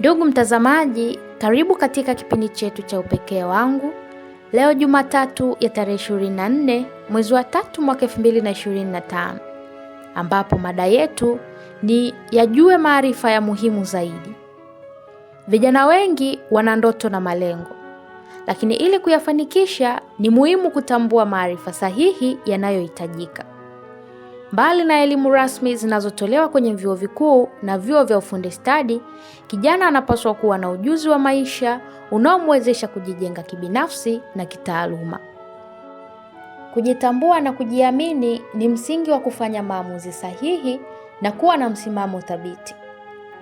Ndugu mtazamaji, karibu katika kipindi chetu cha upekee wangu. Leo Jumatatu ya tarehe 24 mwezi wa tatu mwaka 2025 ambapo mada yetu ni yajue maarifa ya muhimu zaidi. Vijana wengi wana ndoto na malengo, lakini ili kuyafanikisha ni muhimu kutambua maarifa sahihi yanayohitajika. Mbali na elimu rasmi zinazotolewa kwenye vyuo vikuu na vyuo vya ufundi stadi, kijana anapaswa kuwa na ujuzi wa maisha unaomwezesha kujijenga kibinafsi na kitaaluma. Kujitambua na kujiamini ni msingi wa kufanya maamuzi sahihi na kuwa na msimamo thabiti.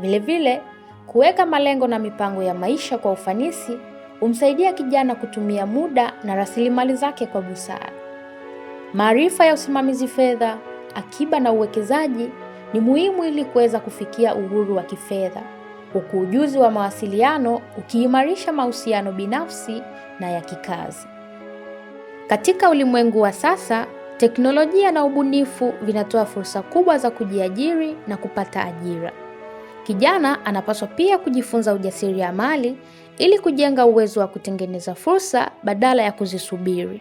Vilevile, kuweka malengo na mipango ya maisha kwa ufanisi humsaidia kijana kutumia muda na rasilimali zake kwa busara. Maarifa ya usimamizi fedha akiba na uwekezaji ni muhimu ili kuweza kufikia uhuru wa kifedha, huku ujuzi wa mawasiliano ukiimarisha mahusiano binafsi na ya kikazi. Katika ulimwengu wa sasa, teknolojia na ubunifu vinatoa fursa kubwa za kujiajiri na kupata ajira. Kijana anapaswa pia kujifunza ujasiriamali ili kujenga uwezo wa kutengeneza fursa badala ya kuzisubiri.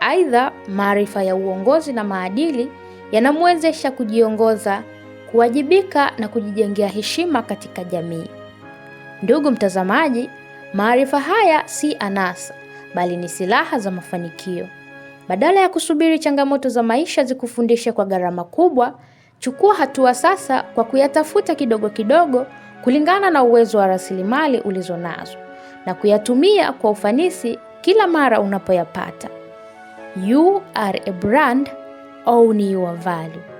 Aidha, maarifa ya uongozi na maadili yanamwezesha kujiongoza, kuwajibika na kujijengea heshima katika jamii. Ndugu mtazamaji, maarifa haya si anasa, bali ni silaha za mafanikio. Badala ya kusubiri changamoto za maisha zikufundishe kwa gharama kubwa, chukua hatua sasa kwa kuyatafuta kidogo kidogo kulingana na uwezo wa rasilimali ulizonazo na kuyatumia kwa ufanisi kila mara unapoyapata. You are a brand own your value.